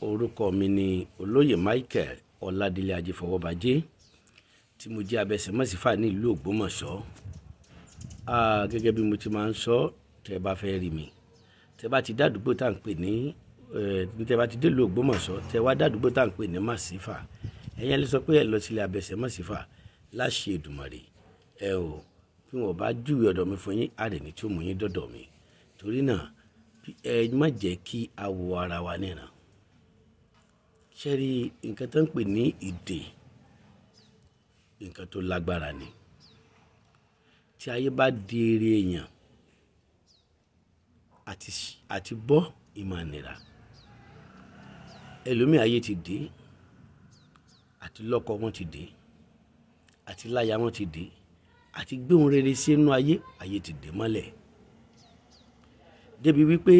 orúkọ mi ni olóyè Michael Ọládélé Ajífọwọ́bajé tí mo jẹ́ abẹsẹ̀mọ́sífà ní ìlú Ògbómọ̀ṣọ́ gẹ́gẹ́ bí mo ti máa ń sọ tẹ́ ẹ bá fẹ́ rí mi tẹ́ bá ti dádúgbò tá à ń pè ní tẹ́ bá ti dé ìlú Ògbómọ̀ṣọ́ tẹ́ wá dádúgbò tá à ń pè ní màsífà ẹ̀yin lè sọ pé ẹ̀ lọ sílé abẹsẹ̀mọ́sífà láṣẹ Èdùmàrè ẹ o bí wọn bá júwe ọ̀dọ̀ mi fún yín àrẹ̀ní tí ó mú yín dọ̀dọ̀ mi torí náà ẹ má jẹ́ kí a wo ara wa níran ṣe rí nǹkan tó ń pè ní ìdè nǹkan tó lágbára ni tí ayé bá di eré èèyàn àti àti bọ́ ìmọ̀nira ẹlòmíì ayé ti dé àti lọ́kọ wọn ti dé àti láya wọn ti dé àti gbé rere sínú ayé ayé ti dé mọ́lẹ̀ débi wípé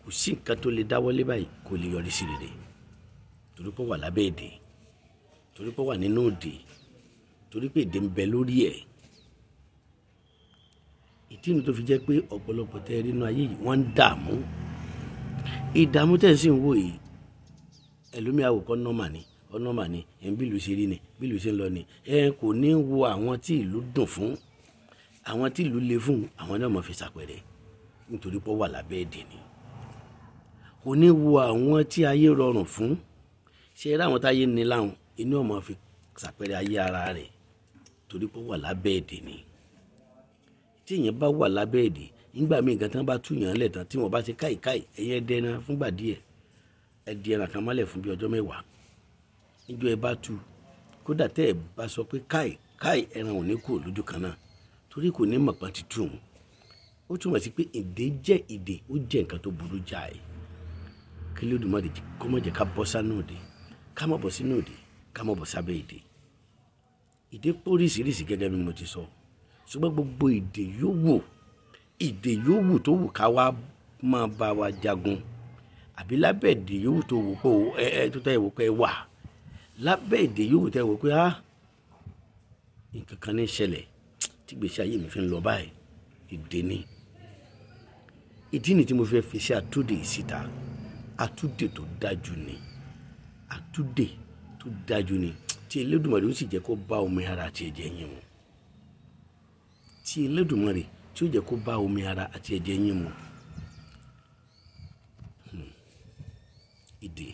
kò sí nǹkan tó lè dáwọ́lé báyìí kò lè yọrí sí rere torí pé ó wà lábẹ́ èdè torí pé ó wà nínú èdè torí pé èdè ń bẹ lórí ẹ̀ ìdí inú tó fi jẹ́ pé ọ̀pọ̀lọpọ̀ tẹ́ ẹ nínú ayé yìí wọ́n ń dààmú ìdààmú tẹ̀ sí ń wò yìí ẹlòmíà wò nọ́mà ni ọ̀nọ́mà ni ẹ̀ ń bí ìlú ṣe rí ni bí ìlú ṣe ń lọ ni ẹ kò ní wo àwọn tí ìlú dùn fún àwọn tí ìlú le fún àwọn náà mọ̀ fi ṣàpẹrẹ nítorí pọ́ wà lábẹ́ èdè ni kò ní wo àwọn tí ayé rọrùn fún ṣe eré àwọn táyé ní láwọn inú ọmọ fi ṣàpẹẹrẹ ayé ara rẹ̀ torí pé wà lábẹ́ èdè ni tí èèyàn bá wà lábẹ́ èdè nígbà míì gan tán bá túyàn lẹ̀ tán tí wọ́n bá ṣe káìkáì ẹ̀yẹ dẹ́nà fúngbà díẹ̀ ẹ di ẹran kan mọ́lẹ̀ fún bí ọjọ́ mẹ́wàá níjọ́ ẹ bá tu kódà tẹ́ ẹ bá sọ pé káì káì ẹran ò ní kú lójú kan náà torí kò ní mọ̀pọ́n ti tú òun ó túmọ̀ sí pé èdè jẹ́ èdè ó jẹ́ nǹkan tó burú jáì kí ló kọ́mọ̀jẹ̀ ká bọ́ sánú òde ká mọ̀ bọ̀ sínú òde ká mọ̀ bọ̀ sábẹ́ ìdè ìdè póríṣiríṣi gẹ́gẹ́ bí mo ti sọ ṣùgbọ́n gbogbo ìdè yóò wò ìdè yóò wù tó wù ká wá máa bá wa jagun àbí lábẹ́ ìdè yóò wù tó wù pé ẹ ẹ tó tẹ́ ìwò pé wà lábẹ́ ìdè yóò wù tẹ́ ìwò pé ah nǹkan kan ní ṣẹlẹ̀ tí gbèsè ayé mi fi ń lọ báyìí ìdè ni ìdí ni tí mo fẹ́ fi ṣe àtúndì ìsìta àtúndì tó dájú ni àtúndè tó dájú ni tí Elédùmarè ó sì jẹ́ kó bá omi ara àti ẹ̀jẹ̀ yín mu tí Elédùmarè tí ó jẹ́ kó bá omi ara àti ẹ̀jẹ̀ yín mu hmm. ìdè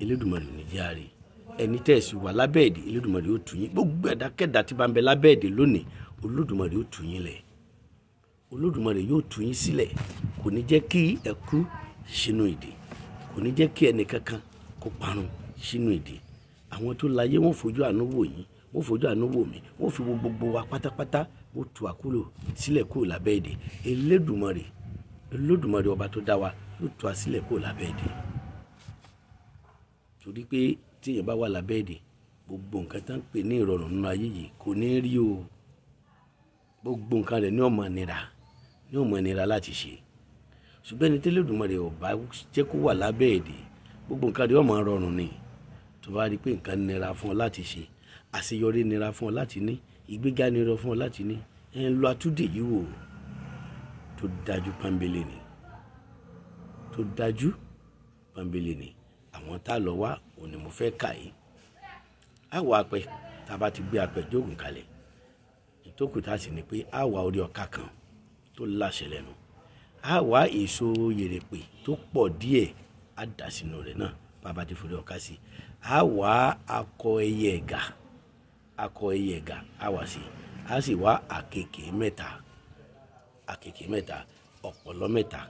Elédùmarè ní járe ẹni tẹ́ ẹ̀ sì wà lábẹ́ èdè Elédùmarè ó tù yín gbogbo ẹ̀dákẹ́dà tí bá ń bẹ lábẹ́ èdè lónìí Olódùmarè ó tù yín lẹ̀ Olódùmarè yóò tù yín sílẹ̀ kò ní jẹ́ kí ẹ sínú ìdè kò ní jẹ́ kí ẹnì kankan kó parun sínú ìdè àwọn tó láyé wọn fojú àánú wò yín wọn fojú àánú wò mí wọn fi wo gbogbo wa pátápátá wọn tú àkúrò sílẹ̀ kúrò lábẹ́ ìdè Elédùmarè Elédùmarè ọba tó dá wa ló tú a sílẹ̀ kúrò lábẹ́ ìdè torí pé téèyàn bá wà lábẹ́ ìdè gbogbo nǹkan tá ń pè ní ìrọ̀rùn nínú ayé yìí kò ní rí o gbogbo nǹkan rẹ̀ ní ọmọ nira ní ọmọ nira láti ṣe ṣùgbọ́n ẹni tẹ́lẹ̀ Èdùmarè ọba jẹ́ kó wà lábẹ́ ìdè gbogbo nǹkan rẹ̀ ọmọ rọrùn ni tó bá rí pé nǹkan nira fún ọ láti ṣe àṣeyọrí nira fún ọ láti ní ìgbéga nira fún ọ láti ní ẹ ń lo atúndè yìí wò tó dájú pọ́nbélé ni tó dájú pọ́nbélé ni àwọn tá a lọ wá òun ni mo fẹ́ kà yìí àwọ̀ apẹ tá a bá ti gbé apẹ jókòó kalẹ̀ ìtókù a sì ní pé àwọ̀ orí ọ̀ka kan tó láṣẹ lẹ́nu àwọ̀ èso yèrèpè tó pọ̀ díẹ̀ á dà sínú rẹ̀ náà bàbá ti forí ọ̀ka sí i awa akɔ ẹyẹ ɛga akọ ẹyẹ ɛga awa si asi wa akeke wá akeke mẹ́ta àkekè mẹ́ta ọ̀pọ̀lọ́ mẹ́ta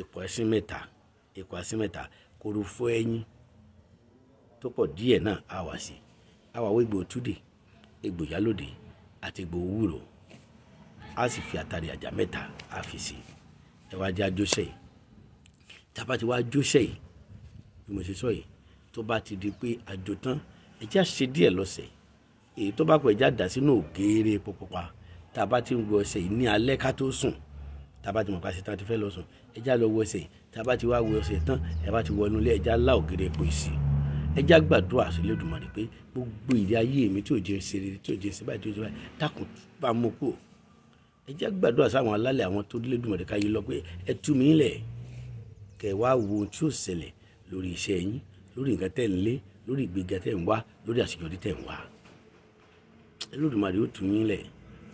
ìpò ẹṣin mẹ́ta ìpò ẹṣin mẹ́ta korofo ẹyin tó pọ̀ díẹ̀ náà á wá sí á wá wọ egbò túdè egbò fi atari àjà mẹ́ta á fi si ẹ wá jẹ́ àjọṣe yìí tó bá ti di pé àjò tán ẹjẹ́ àṣe díẹ̀ lọ́sẹ̀ èyí tó bá pọ̀ ẹjẹ́ àdá sínú ògèrè pupa tá a bá ti ń wọ ọṣẹ yìí ní alẹ́ ká tó sùn tá a bá ti mọ̀ ká ṣe tán ti fẹ́ lọ sùn ẹjẹ́ àlọ́ wọ ọṣẹ tá a bá ti wá wọ ọṣẹ tán ẹ bá ti wọ inú ilé ẹjẹ́ àlá ògèrè epo ìsì ẹjẹ́ àgbàdúrà sílẹ̀ dùmọ̀rì pé gbogbo ìdí ayé mi tí ò jẹ́ ṣe rere tí ò jẹ́ ṣe báyìí tí ò jẹ́ báyìí dákun bá mú kú ẹjẹ́ àgbàdúrà sáwọn alálẹ̀ àwọn tó lé dùmọ̀rì ká lọ pé ẹ mi lẹ̀ kẹ̀ wá wo ohun tí ò ṣẹlẹ̀ lórí iṣẹ́ yín lórí nǹkan tẹ̀ ń lé lórí ìgbéga tẹ̀ ń wá lórí àṣeyọrí tẹ̀ ń wá Olódùmarè ó tù yín lẹ̀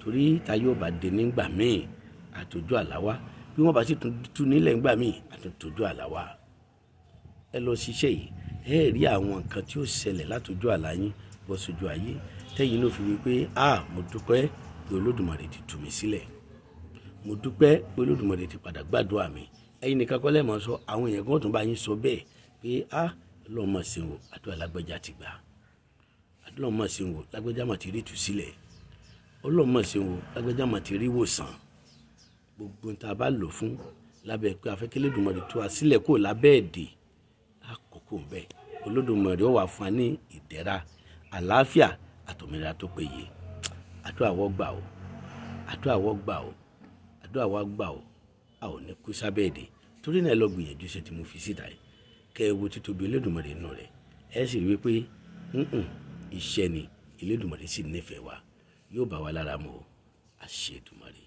torí táyé ọba dé nígbà míì àtòjú àláwá bí wọ́n bá sì tu nílẹ̀ ńgbà míì àtòjú àláwá ẹ lọ ṣiṣẹ́ yìí ẹ rí àwọn nǹkan tí ó ṣẹlẹ̀ látòjú àlá bọ́ sójú ayé tẹ́yìn ló fi wí pé a mo dúpẹ́ pé Olódùmarè ti tù mí sílẹ̀ mo dúpẹ́ pé Olódùmarè ti padà gbàdúrà mi ẹ̀yin nìkan kọ́ lẹ́ẹ̀mọ́ sọ àwọn èèyàn kan tún bá yín sọ bẹ́ẹ̀ pé a. Ah, ọlọ́run mà ṣeun o àdúrà lágbájá ti gbà ọlọ́run mà ṣeun o lágbájá mà ti rí ìtúsílẹ̀ ọlọ́run mà ṣeun o lágbájá mà ti rí ìwòsàn gbogbo tá a bá lò fún lábẹ́ pé afẹ́kẹ́lẹ́ Olódùmarè tú wa sílẹ̀ kó lábẹ́ èdè àkókò ń bẹ Olódùmarè ó wà fún wa ní ìdẹ̀ra àlàáfíà àtòmìnira tó péye àdúrà wọ́n gbà o àdúrà wọ́n gbà o àdúrà wọ́n gbà o a ò ní kú sábẹ́ èdè torí náà lọ gbìyànjú ṣe tí mo fi síta yìí kẹ́ ẹ wo títóbi Elédùmarè nù rẹ̀ ẹ sì rí wípé iṣẹ́ ni Elédùmarè sì nífẹ̀ẹ́ wa yóò bá wa lára mu àṣẹ Èdùmarè.